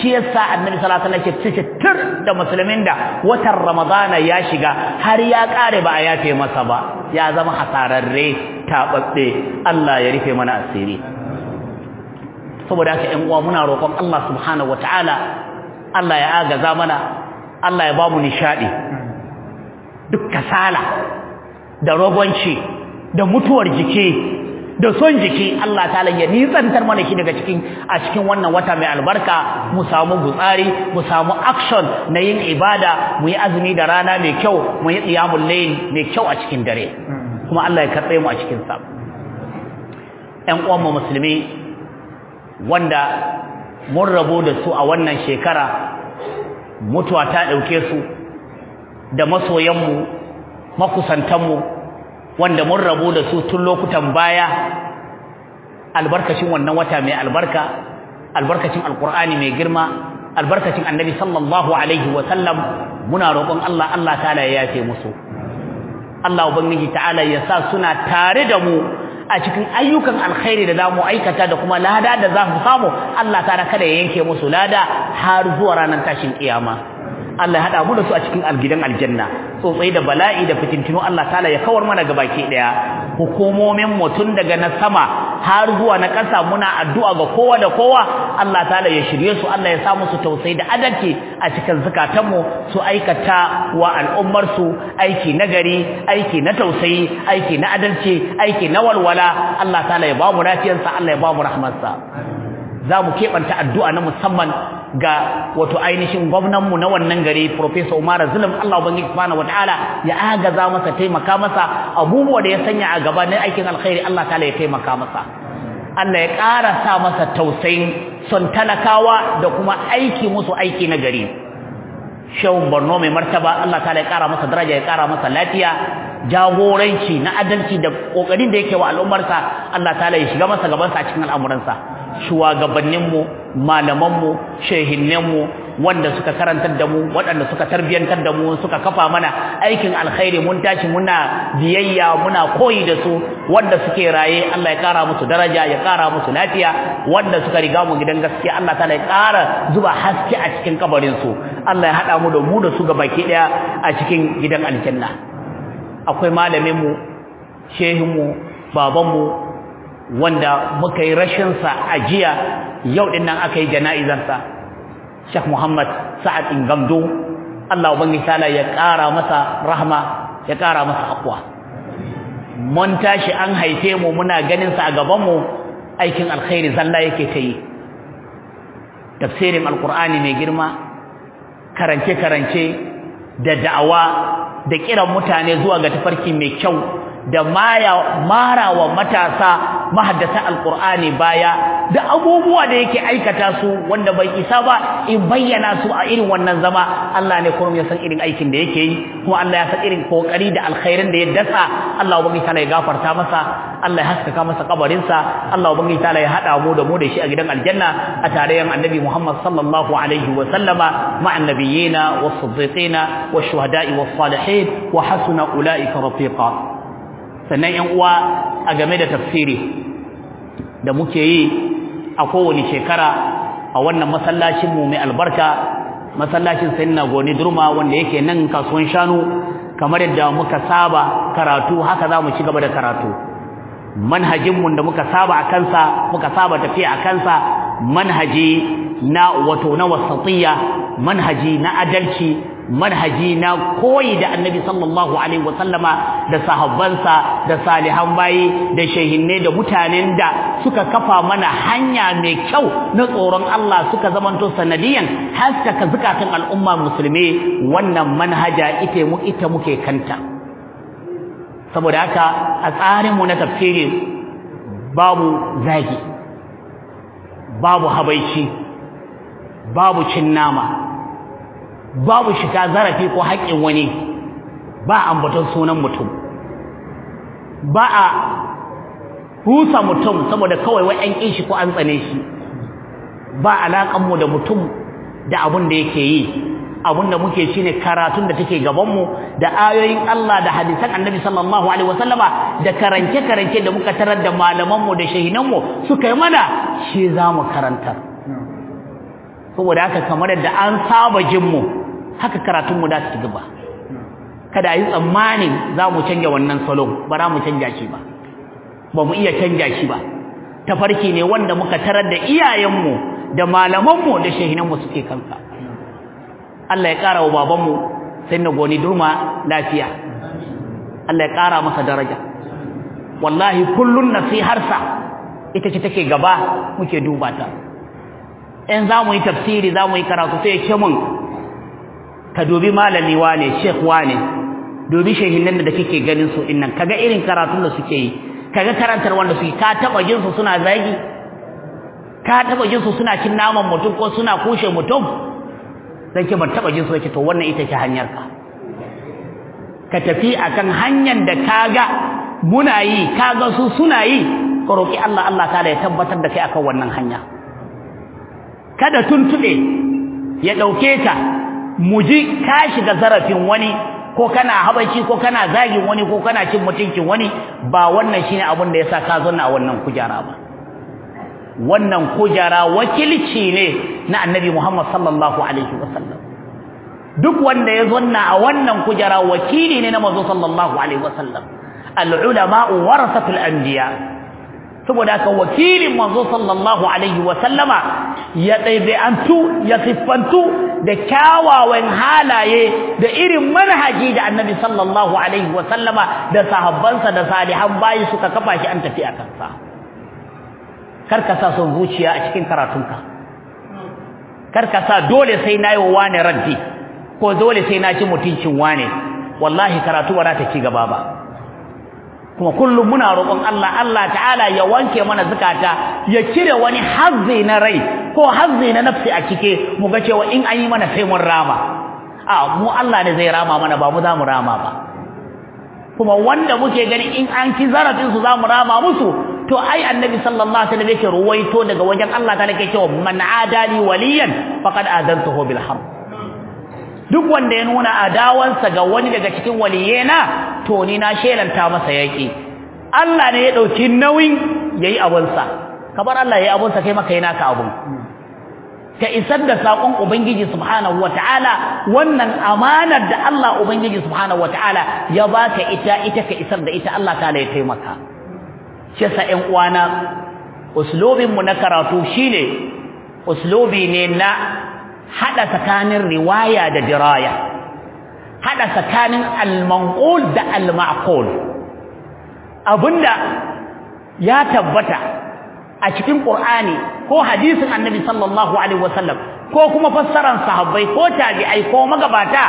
Speaker 2: shi yasa annabi sallallahu alaihi wasallam yake tir da musulmin da watan ramadana ya shiga har ya kare ba a yafe masa ba ya zama hasararre tababbe Allah ya rufe mana asiri saboda haka yan uwa muna roƙon Allah subhanahu wataala Allah ya agaza mana Allah ya ba mu nishadi duk kasala da rogonci da mutuwar jiki da son jiki Allah ta'ala ya nitsantar mana shi daga cikin a cikin wannan wata mai albarka mu samu gutsari mu samu action na yin ibada mu yi azumi da rana mai kyau mu yi qiyamul layl mai kyau a cikin dare kuma Allah ya karbe mu a cikin sa ɗan uwan mu musulmi wanda mun rabo da su a wannan shekara mutuwa ta ɗauke su da masoyanmu makusantanmu wanda mun rabu da su tun lokutan baya albarkacin wannan wata mai albarka albarkacin alqur'ani mai girma albarkacin annabi sallallahu alaihi wa sallam muna roƙon Allah Allah ta'ala ya yafe musu Allah ubangiji ta'ala ya sa suna tare da mu a cikin ayyukan alkhairi da zamu aikata da kuma lada da zamu samu Allah ta'ala kada ya yanke musu lada har zuwa ranar tashin kiyama Allah ya hada mu da su a cikin algidan aljanna tsotsai da bala'i da fitintino Allah ta'ala ya kawar mana gabaki daya hukumomin mutun daga na sama har zuwa na ƙasa muna addu'a ga kowa da kowa Allah ta'ala ya shirye su Allah ya sa musu tausayi da adalci a cikin mu su aikata wa al'ummar su aiki na gari aiki na tausayi aiki na adalci aiki na walwala Allah ta'ala ya ba mu lafiyarsa Allah ya ba mu rahmarsa za mu keɓanta addu'a na musamman ga wato ainihin gwamnan mu na wannan gari professor Umar Zulum Allah bangi subhanahu wataala ya agaza masa taimaka masa abubuwa da ya sanya a gaba na aikin alkhairi Allah ta'ala ya taimaka masa Allah ya ƙara sa masa tausayin son talakawa da kuma aiki musu aiki na gari shawun barno mai martaba Allah ta'ala ya ƙara masa daraja ya ƙara masa lafiya jagoranci na adalci da kokarin da yake wa al'ummarsa Allah ta'ala ya shiga masa gabansa a cikin al'amuransa shugabanninmu malamanmu shehinnenmu wanda suka karantar da mu waɗanda suka tarbiyantar da mu suka kafa mana aikin alkhairi mun tashi muna biyayya muna koyi da su wanda suke raye Allah ya kara musu daraja ya kara musu lafiya wanda suka riga mu gidan gaskiya Allah ta ya kara zuba haske a cikin kabarin su Allah ya hada mu da mu da su baki daya a cikin gidan aljanna akwai malamin mu shehin mu wanda muka yi rashinsa a jiya yau din nan aka yi jana'izar sa Sheikh Muhammad Sa'ad Ingamdo Allah ubangiji ta'ala ya kara masa rahma ya kara masa akwa mun tashi an haife mu muna ganin sa a gaban mu aikin alkhairi zalla yake tayi tafsirin alqur'ani mai girma karance karance da da'awa da kiran mutane zuwa ga tafarki mai kyau da mara wa matasa mahaddata alqur'ani baya da abubuwa da yake aikata su wanda bai isa ba in bayyana su a irin wannan zama Allah ne kuma ya san irin aikin da yake yi kuma Allah ya san irin kokari da alkhairin da ya dasa Allah ubangi ta ya gafarta masa Allah ya haskaka masa kabarin sa Allah ubangi ta ya hada mu da mu da shi a gidan aljanna a tarayyar annabi Muhammad sallallahu alaihi wa sallama ma'an nabiyina was-siddiqina wash-shuhada'i was-salihin wa hasuna ulaika rafiqa sannan yan uwa a game da tafsiri da muke yi a kowane shekara a wannan masallacin mu mai albarka masallacin sayyidina goni durma wanda yake nan kasuwan shanu kamar yadda muka saba karatu haka za mu ci gaba da karatu manhajinmu da muka saba a kansa muka saba tafiya a kansa manhaji na wato na wasatiyya manhaji na adalci manhaji na koyi da annabi sallallahu alaihi wasallama da sahabbansa da salihan bayi da shehinne da mutanen da suka kafa mana hanya mai kyau na tsoron Allah suka zamanto sanadiyan haskaka zukatan al'umma musulmi wannan manhaja ita mu ita muke kanta saboda haka a tsarin mu na tafsiri babu zagi babu habaici babu cin nama babu shika zarafi ko haƙƙin wani ba ambaton sunan mutum ba a rusa mutum saboda kawai wai an kishi ko an tsane shi ba alaƙanmu mu da mutum da abun da yake yi abun da muke ne karatun da take gaban mu da ayoyin Allah da hadisan Annabi sallallahu alaihi wasallama da karanke-karanke da muka tarar da malaman mu da shehinan mu suka yi mana shi zamu karantar saboda haka kamar da an saba jinmu haka mu da su gaba kada yi tsammanin za mu canja wannan salon ba za mu canja shi ba ba mu iya canja shi ba tafarki ne wanda muka tarar da iyayen mu da malaman mu da mu suke kansa Allah ya kara wa babanmu sai na goni durma lafiya Allah ya kara masa daraja wallahi kullun nasiharsa ita ce take gaba muke duba ta in za mu yi tafsiri za mu yi karatu sai ce mun ka dubi malami wane sheikh wane dubi nan da kike ganin su innan kaga irin karatun da suke yi kaga karantar wanda suke ka taba jin su suna zagi ka taba jin su suna cin naman mutum ko suna kushe mutum dan ke ban taba jin su to wannan ita ce hanyar ka ka tafi akan hanyar da kaga muna yi kaga su suna yi ka roki Allah Allah ta da ya tabbatar da kai akan wannan hanya kada tuntube ya dauke ta muji ka shiga zarafin wani ko kana habanci ko kana zagin wani ko kana cin mutuncin wani ba wannan shine abin da yasa ka zanna a wannan kujara ba wannan kujara wakilci ne na annabi Muhammad sallallahu alaihi wasallam duk wanda ya zanna a wannan kujara wakili ne na manzo sallallahu alaihi wasallam al ulama warasatul anbiya saboda haka wakilin manzo sallallahu alaihi wa sallama ya daidaitu ya siffantu da kyawawan halaye da irin manhaji da annabi sallallahu alaihi wa sallama da sahabbansa da salihan bayi suka kafa shi an tafi a kansa kar ka sa son zuciya a cikin karatunka kar ka sa dole sai nayi wa wani raddi ko dole sai na ci mutuncin wane wallahi karatu ba za ta ci gaba ba kuma kullum muna roƙon Allah Allah ta'ala ya wanke mana zukata ya cire wani hazzi na rai ko hazzi na nafsi a cike mu ga cewa in an yi mana sai mun rama a mu Allah ne zai rama mana ba mu za mu rama ba kuma wanda muke gani in an ki zarafin su za mu rama musu to ai annabi sallallahu alaihi wasallam yake ruwaito daga wajen Allah ta nake cewa man adali waliyan faqad adantuhu bil hamd duk wanda ya nuna adawansa ga wani daga cikin waliyena to ni na shelanta masa yaki Allah ne ya dauki nauyin yayi abunsa kabar Allah yayi abunsa kai maka yana ka abun ka isar da sakon ubangiji subhanahu wataala wannan amanar da Allah ubangiji subhanahu wataala ya baka ita ita ka isar da ita Allah ta ya taimaka shi sa uwana uslubin mu na karatu shine uslubi ne na hada tsakanin riwaya da diraya hada tsakanin al-manqul da al-ma'qul abinda ya tabbata a cikin qur'ani ko hadisin annabi sallallahu alaihi wasallam ko kuma fassaran sahabbai ko tabi'ai ko magabata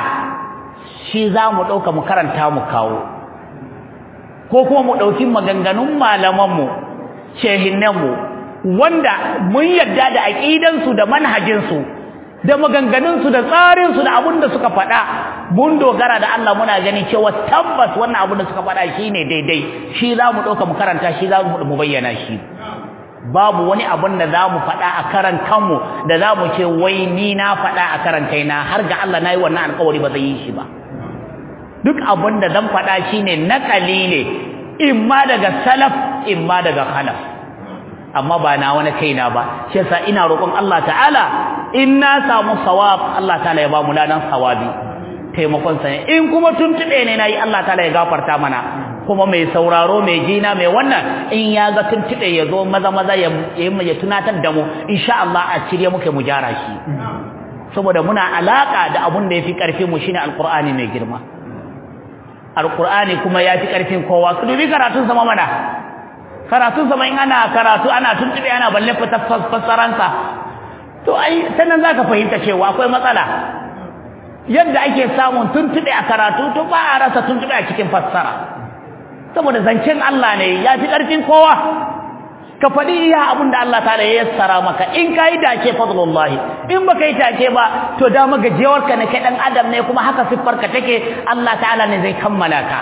Speaker 2: shi za mu dauka mu karanta mu kawo ko kuma mu dauki maganganun malaman mu malamanmu mu wanda mun yadda da aqidansu da manhajinsu da maganganunsu da tsarinsu da abun da suka faɗa mun dogara da Allah muna gani cewa tabbas wannan abun da suka faɗa shine daidai shi za mu ɗauka mu karanta shi za mu bayyana shi babu wani abun da za mu faɗa a karan kanmu da za mu ce wai ni na faɗa a karan na. har ga Allah na yi wannan alƙawari ba zai yi shi ba duk abun da zan faɗa shine ne naƙali ne in daga salaf imma daga khalaf amma ba na wani kaina ba shi yasa ina roƙon Allah ta'ala in na samu sawab Allah ta'ala ya ba mu ladan sawabi taimakon sa in kuma tuntube ne nayi Allah ta'ala ya gafarta mana kuma mai sauraro mai jina mai wannan in ya ga tuntube ya zo maza maza ya ya tunatar da mu insha Allah a cire muke mu jara shi saboda muna alaka da abun da yafi karfi mu shine alqur'ani mai girma alqur'ani kuma yafi karfin kowa su dubi karatun sama mana karatun sa in ana karatu ana tuntube ana balle fassaransa to ai sanan zaka fahimta cewa akwai matsala yadda ake samun tuntube a karatu to ba a rasa tuntube a cikin fassara saboda zancen Allah ne ya fi ƙarfin kowa ka faɗi iya abun da Allah ta ya yassara maka in ka yi dace fadlullahi in baka yi dace ba to da ka na kai ɗan adam ne kuma haka siffarka take Allah ta'ala ne zai kammala ka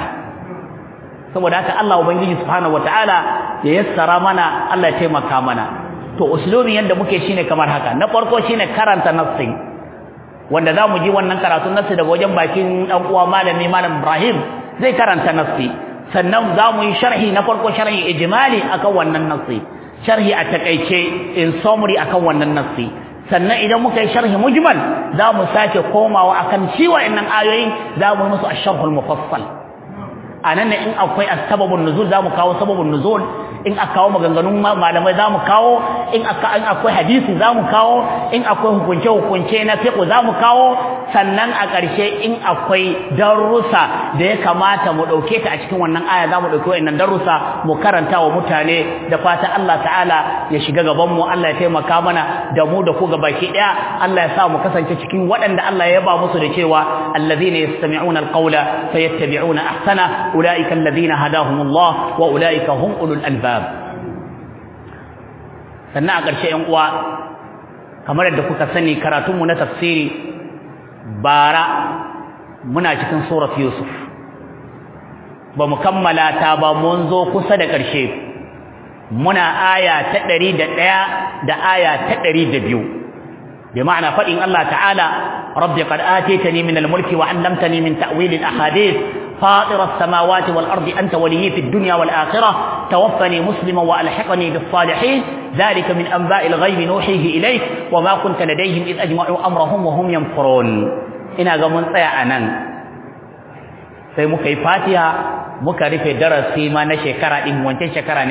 Speaker 2: saboda haka Allah ubangiji subhanahu wataala ya yassara mana Allah ya taimaka mana to uslubin yadda muke shine kamar haka na farko shine karanta nassin wanda zamu ji wannan karatun nassi daga wajen bakin dan uwa malami malam Ibrahim zai karanta nassi sannan zamu yi sharhi na farko sharhi ijmali akan wannan nassi sharhi a takeice in summary akan wannan nassi sannan idan muka yi sharhi mujmal zamu sake komawa akan ciwa innan ayoyin zamu yi musu asharhul mufassal anan ne in akwai asbabun nuzul zamu kawo sababun nuzul in aka kawo maganganun malamai zamu kawo in aka akwai hadisi zamu kawo in akwai hukunce hukunce na fiqh zamu kawo sannan a ƙarshe in akwai darussa da ya kamata mu dauke ta a cikin wannan aya zamu dauke wannan darussa mu karanta wa mutane da fata Allah ta'ala ya shiga gaban mu Allah ya taimaka mana da mu da ku baki daya Allah ya sa mu kasance cikin waɗanda Allah ya ba musu da cewa allazina yastami'una alqawla fayattabi'una ahsana أولئك الذين هداهم الله وأولئك هم أولو الألباب sannan a ƙarshe ‘yan uwa kamar yadda kuka sani karatunmu na tafsiri bara muna cikin surat yusuf ba mu kammala ta ba mun zo kusa da ƙarshe muna aya ta ɗari da ɗaya da aya ta ɗari da biyu بمعنى فإن الله تعالى رب قد آتيتني من الملك وعلمتني من تأويل الأحاديث فاطر السماوات والأرض أنت ولي في الدنيا والآخرة توفني مسلما وألحقني بالصالحين ذلك من أنباء الغيب نوحيه إليك وما كنت لديهم إذ أجمعوا أمرهم وهم ينفرون إنا غمون سيعنا sai muka yi fatiha muka rufe darasi ma na shekara ɗin wancan shekara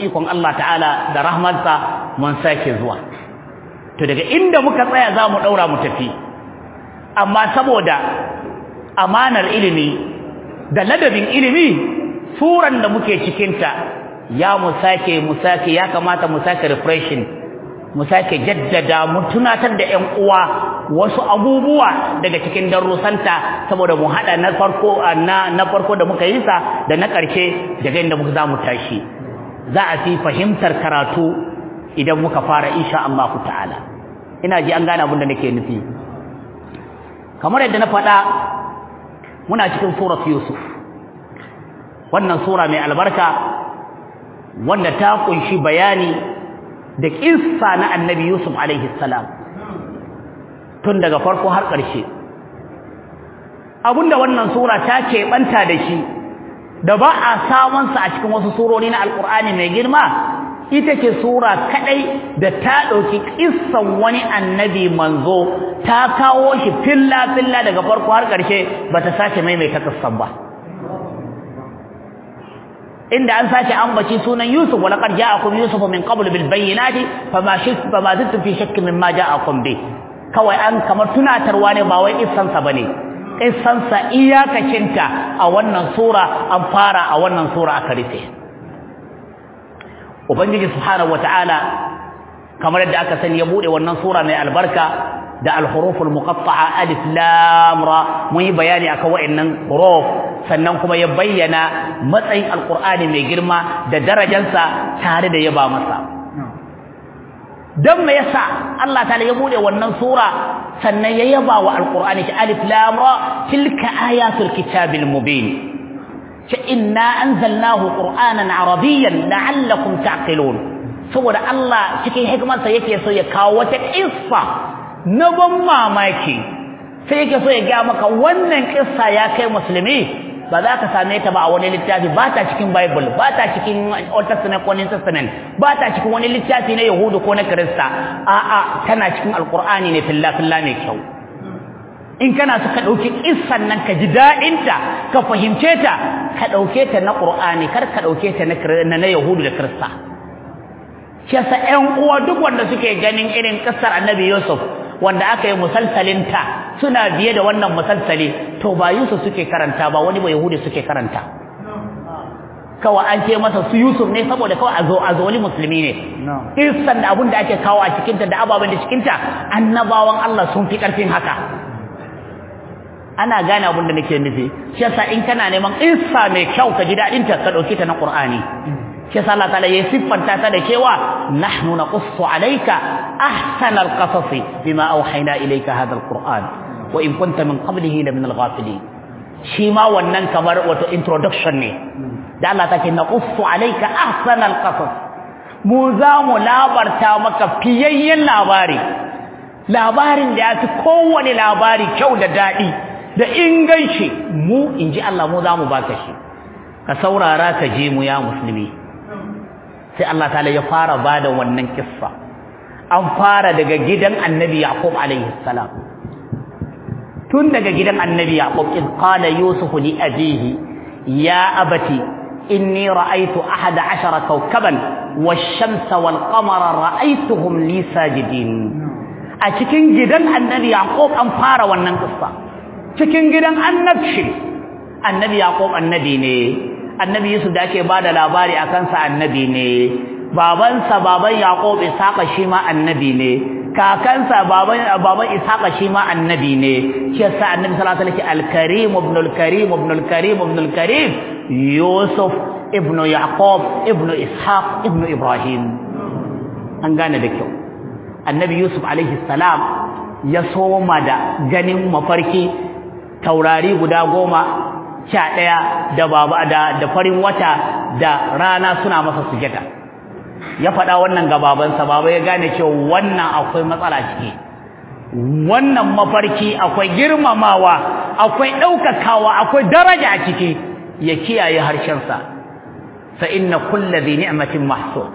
Speaker 2: الله تعالى to mun sake zuwa to daga inda muka tsaya za mu ɗaura mu tafi amma saboda amanar ilimi da ladabin ilimi suran da muke cikinta ya mu sake mu sake ya kamata mu sake refreshing mu sake jaddada mu tunatar da ƴan uwa wasu abubuwa daga cikin darussanta saboda mu hada na farko na na farko da muka yi sa da na ƙarshe daga inda muka za mu tashi za a fi fahimtar karatu idan muka fara insha Allah ta'ala ina ji an gane abin da nake nufi kamar yadda na faɗa muna cikin surat Yusuf wannan sura mai albarka wanda ta kunshi bayani da kissa na Annabi Yusuf alaihi salam tun daga farko har ƙarshe abinda wannan sura ta keɓanta da shi da ba a samansa a cikin wasu surori na alkur'ani mai girma ita ce sura kadai da ta ɗauki kissan wani annabi manzo ta kawo shi filla filla daga farko har karshe bata sace maimaita kissan ba inda an sace ambaci sunan Yusuf wala a ja'akum Yusuf min qabl bil bayyinati fama shak fama zittum fi shakk mimma ja'akum bi kawai an kamar tunatarwa ne ba wai isansa ba bane Isansa iyakacinta a wannan sura an fara a wannan sura aka rufe ubangiji subhanahu wataala kamar yadda aka sani ya bude wannan sura mai albarka da al-huruful muqatta'a alif lam ra mun yi bayani akan wa'annan huruf sannan kuma ya bayyana matsayin alqur'ani mai girma da darajarsa tare da yaba masa dan me yasa Allah ta'ala ya bude wannan sura sannan ya yaba wa alqur'ani alif lam ra tilka ayatul kitabil mubin inna anzalnahu qur'anan arabiyyan la'allakum ta'qilun saboda Allah cikin hikmarsa yake so ya kawo wata kissa na ban mamaki sai yake so ya ga maka wannan kissa ya kai musulmi ba za ka same ta ba a wani littafi ba ta cikin bible ba ta cikin old testament ko new testament ba ta cikin wani littafi na yahudu ko na kirista a'a tana cikin alqur'ani ne fillah fillah mai kyau in kana so ka dauke isan nan ka ji dadin ta ka fahimce ta ka dauke ta na Qur'ani kar ka dauke ta na na Yahudu da Kirista kisa ƴan uwa duk wanda suke ganin irin kasar Annabi Yusuf wanda aka yi musalsalin ta suna biye da wannan musalsali to ba Yusuf suke karanta ba wani ba yahudu suke karanta kawai an ce masa su Yusuf ne saboda kawai a zo wani musulmi ne Isan da abun da ake kawo a cikinta da ababen da cikinta annabawan Allah sun fi karfin haka ana gane abin da nake nufi shi yasa in kana neman isa mai kyau ka ji dadin ta ka dauke ta na Qur'ani shi yasa Allah ta'ala ya siffanta ta da cewa nahnu naqussu alayka ahsana alqasas bima awhayna ilayka hadha alquran wa in kunta min qablihi la min alghafilin shi ma wannan kamar wato introduction ne da Allah take naqussu alayka ahsana alqasas mu za mu labarta maka fiyayyen labari labarin da ya fi kowane labari kyau da daɗi da inganci mu in ji Allah mu za mu baka shi ka saurara ka je mu ya musulmi sai Allah ta'ala ya fara bada wannan kissa an fara daga gidan annabi yaqub alaihi salam tun daga gidan annabi yaqub in qala yusuf li abihi ya abati inni ra'aytu ahada ashara kawkaban wash-shamsa wal-qamara ra'aytuhum li sajidin a cikin gidan annabi yaqub an fara wannan kissa cikin gidan annabshi annabi yaqub annabi ne annabi yusuf da ake bada labari akan sa annabi ne baban sa baban yaqub isaka shi ma annabi ne kakan sa baban baban isaka shi ma annabi ne shi yasa annabi sallallahu alaihi wasallam al-karim ibn al-karim ibn al-karim ibn al-karim yusuf ibn yaqub ibn ishaq ibn ibrahim an gane da kyau annabi yusuf alaihi salam ya soma da ganin mafarki taurari guda goma sha ɗaya da baba da da farin wata da rana suna masa sujada ya faɗa wannan ga babansa baba ya gane cewa wannan akwai matsala ciki wannan mafarki akwai girmamawa akwai ɗaukakawa akwai daraja a ciki ya kiyaye harshensa fa inna kulla dhi ni'matin mahsud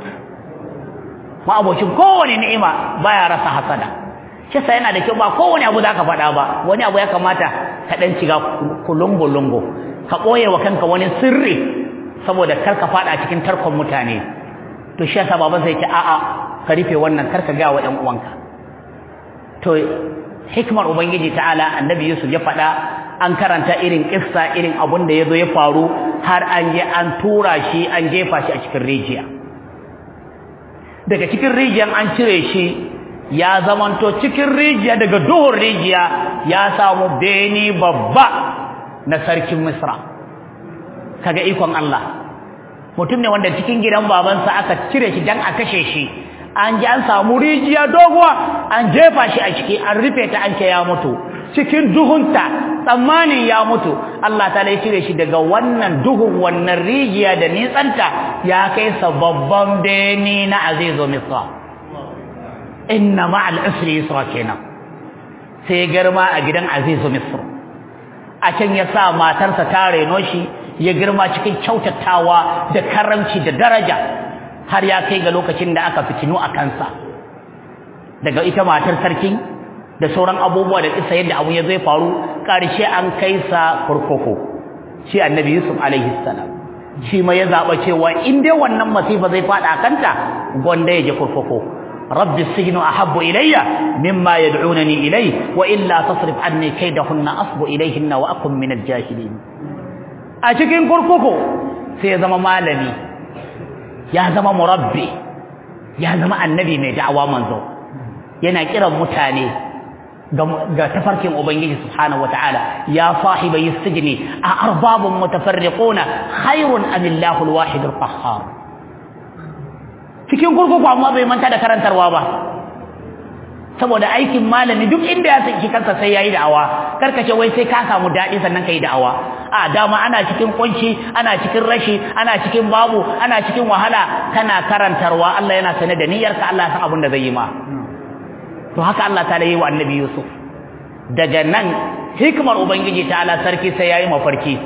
Speaker 2: ma abocin kowane ni'ima baya rasa hasada kisa yana da kyau ba kowane abu zaka faɗa ba wani abu ya kamata ka dan shiga kulungo-lungo ka ɓoye wa kanka wani sirri saboda kar ka faɗa cikin tarkon mutane to shi yasa baban sai ce a'a ka rufe wannan kar ka ga wa ɗan uwanka to hikmar ubangiji ta'ala annabi yusuf ya faɗa an karanta irin kissa irin abun da ya zo ya faru har an je an tura shi an jefa shi a cikin rijiya daga cikin rijiyar an cire shi ya zamanto cikin rijiya daga duhun rijiya ya samu beni babba na sarkin misra kaga ikon Allah mutum ne wanda cikin gidan babansa aka cire shi dan a kashe shi an ji an samu rijiya doguwa an jefa shi a ciki an rufe ta an ce ya mutu cikin duhunta tsammanin ya mutu Allah ta lai cire shi daga wannan duhun wannan rijiya da nitsanta ya kai sa babban beni na azizu misra inna ma'al usri yusra kenan sai ya girma a gidan azizu misr a can ya sa matarsa ta reno shi ya girma cikin kyautatawa da karamci da daraja har ya kai ga lokacin da aka fitinu a kansa daga ita matar sarki da sauran abubuwa da isa yadda abu ya zai faru karshe an kai sa kurkuku shi annabi yusuf alaihi salam shi ma ya zaɓa cewa in dai wannan masifa zai faɗa kanta gwanda ya je kurkuku رب السجن أحب إلي مما يدعونني إليه وإلا تصرف عني كيدهن أصب إليهن وأكن من الجاهلين
Speaker 1: أشكين كركوكو
Speaker 2: سيزم مالني يهزم مربي يهزم النبي من دعوة منذ ينكر متاني تفركم أبنجي سبحانه وتعالى يا صاحبي السجن sijni متفرقون خير أم الله الواحد alwahid cikin kurkuku amma bai manta da karantarwa ba saboda aikin malami duk inda ya saki kansa sai yayi da'awa karkace wai sai ka samu dadi sannan kai da'awa a dama ana cikin kunci ana cikin rashi ana cikin babu ana cikin wahala kana karantarwa Allah yana sanar da niyyarka Allah san abin da zai yi ma to haka Allah ta yi wa annabi Yusuf daga nan hikmar ubangiji ta Allah sarki sai yayi mafarki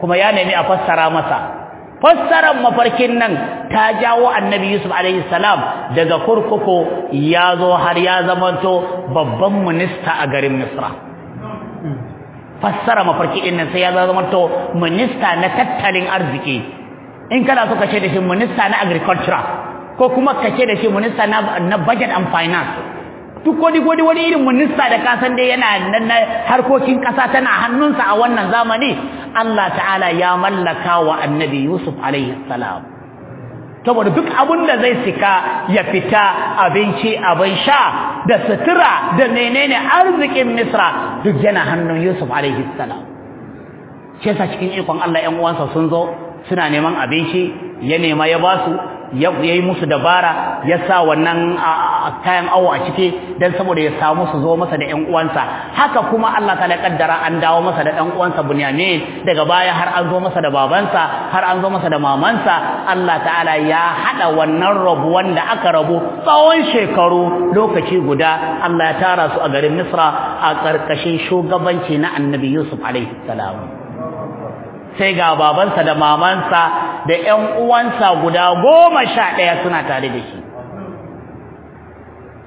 Speaker 2: kuma ya nemi a fassara masa fassarar mafarkin nan ta jawo annabi yusuf alaihi salam daga kurkuku ya zo har ya zamanto babban minista a garin misra fassara mafarkin nan sai ya zamanto minista na tattalin arziki in kana so ka ce da shi minista na agriculture ko kuma kace da shi minista na budget and finance duk gwadi gwadi wani irin minista da kasan dai yana harkokin kasa tana hannunsa a wannan zamani Allah ta'ala ya mallaka wa annabi Yusuf alaihi salam saboda duk abin da zai sika ya fita abinci abin sha da sutura da menene arzikin misra duk yana hannun Yusuf alaihi salam shi yasa cikin ikon Allah ƴan uwansa sun zo suna neman abinci ya nema ya basu ya yi musu dabara ya sa wannan kayan awo a cike don saboda ya samu su zo masa da yan uwansa haka kuma Allah ta kaddara an dawo masa da ɗan uwansa Bunyamin daga baya har an zo masa da babansa har an zo masa da mamansa Allah ta'ala ya haɗa wannan rabuwan da aka rabu tsawon shekaru lokaci guda Allah ya tara su a garin Misra a ƙarƙashin shugabanci na Annabi Yusuf alaihi sai ga babansa da mamansa da ƴan uwansa guda 11 suna tare da shi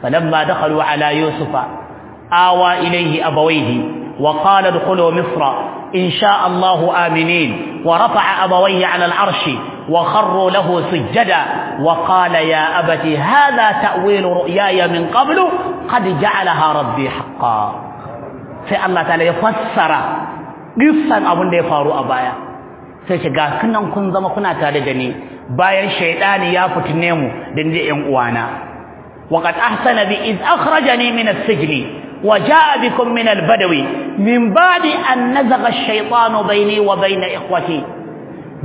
Speaker 2: falamma dakhalu ala yusufa awa ilayhi abawayhi wa qala dkhulu misra in sha Allah aminin wa rafa'a abawayhi ala al'arshi al-arshi وخروا له سجدا وقال يا أبت هذا تأويل رؤياي من قبل قد جعلها ربي حقا في الله تعالى يفسر kissan abin da ya faru a baya sai ce ga kunan kun zama kuna tare da ni bayan shaydani ya fitine mu da ni yan uwana waqad ahsana bi iz akhrajani min as-sijn wa jaa bikum min al-badawi min ba'di an nazagha ash-shaytanu bayni wa bayna ikhwati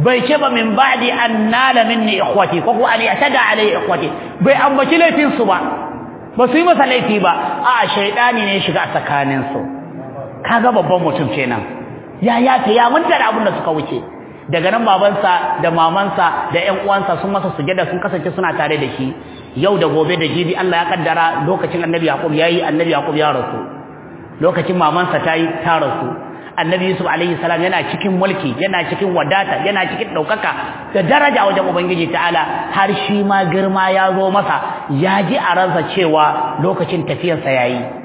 Speaker 2: bai ce ba min ba'di an nala minni ikhwati ko ko an yatada alai ikhwati bai ambaci laifin su ba ba su yi masa laifi ba a shaydani ne shiga tsakanin su kaga babban mutum kenan ya yafe ya manta da abin da suka wuce daga nan babansa da mamansa da ƴan uwansa sun masa sujada sun kasance suna tare da shi yau da gobe da jibi Allah ya kaddara lokacin Annabi Yaqub yayi Annabi Yaqub ya rasu lokacin mamansa tayi ta rasu Annabi Yusuf alaihi salam yana cikin mulki yana cikin wadata yana cikin daukaka da daraja wajen Ubangiji ta'ala har shi ma girma ya zo masa ya ji a ransa cewa lokacin tafiyarsa yayi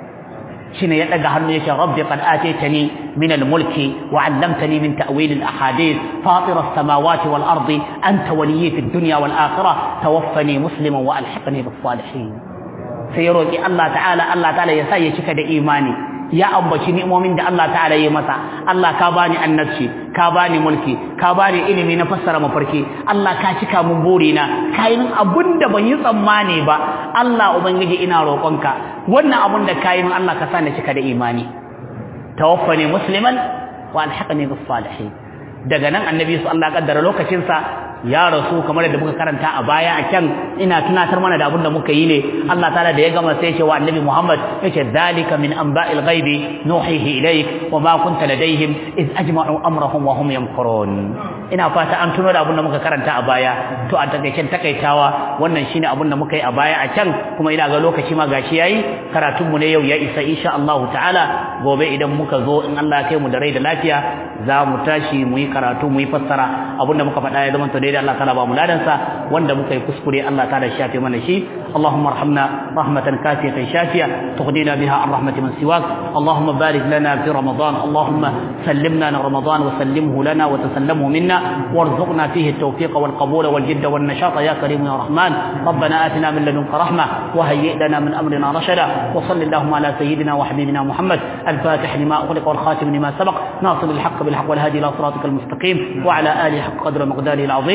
Speaker 2: shine ya daga hannu yake rabbi qad ataytani min al-mulki wa 'allamtani min ta'wil al-ahadith fatir as-samawati wal ardi anta waliyyi fid dunya wal akhirah tawaffani musliman wa alhiqni bis salihin sai ya roki Allah ta'ala Allah ta'ala ya sa ya cika da imani ya ambaci ni'imomin da Allah ta'ala ya masa Allah ka bani annabci ka bani mulki ka bani ilimi na fassara mafarki Allah ka cika mun burina kai abunda ban yi tsammani ba Allah ubangiji ina roƙonka wannan abun da kai Allah ka sa cika da imani tawaffani musliman wa alhaqni bis salihin daga nan annabi su Allah kaddara lokacin sa ya rasu kamar yadda muka karanta a baya a can ina tunatar mana da abin da muka yi ne Allah ta'ala da ya gama sai ce wa annabi Muhammad yace zalika min anba'il ghaibi nuhihi ilayk wa ma kunta ladaihim iz ajma'u amrahum wa hum yamkurun ina fata an tuno da abin da muka karanta a baya to a takaicen takaitawa wannan shine abin da muka yi a baya a can kuma ina ga lokaci ma gashi yayi karatun mu ne yau ya isa insha Allah ta'ala gobe idan muka zo in Allah ya kai mu da rai da lafiya za mu tashi mu yi karatu mu yi fassara abin da muka faɗa ya zama to da Allah ta'ala ba mu ladansa wanda muka yi kuskure Allah ta'ala shafe mana shi Allahumma arhamna rahmatan kasiyatan shafiya tughdina biha ar rahmati min siwak Allahumma barik lana fi ramadan Allahumma sallimna na ramadan wa sallimhu lana wa tasallamhu minna warzuqna fihi at-tawfiq wal qabul wal jidda wal nashaṭa ya karim ya rahman rabbana atina min ladunka rahma ربنا آتنا من لدنك رحمة وهيئ wa من أمرنا رشدا وصل اللهم على سيدنا وحبيبنا محمد الفاتح لما أغلق والخاتم لما سبق ناصر الحق بالحق والهادي إلى صراطك المستقيم وعلى آله حق قدر مقداره العظيم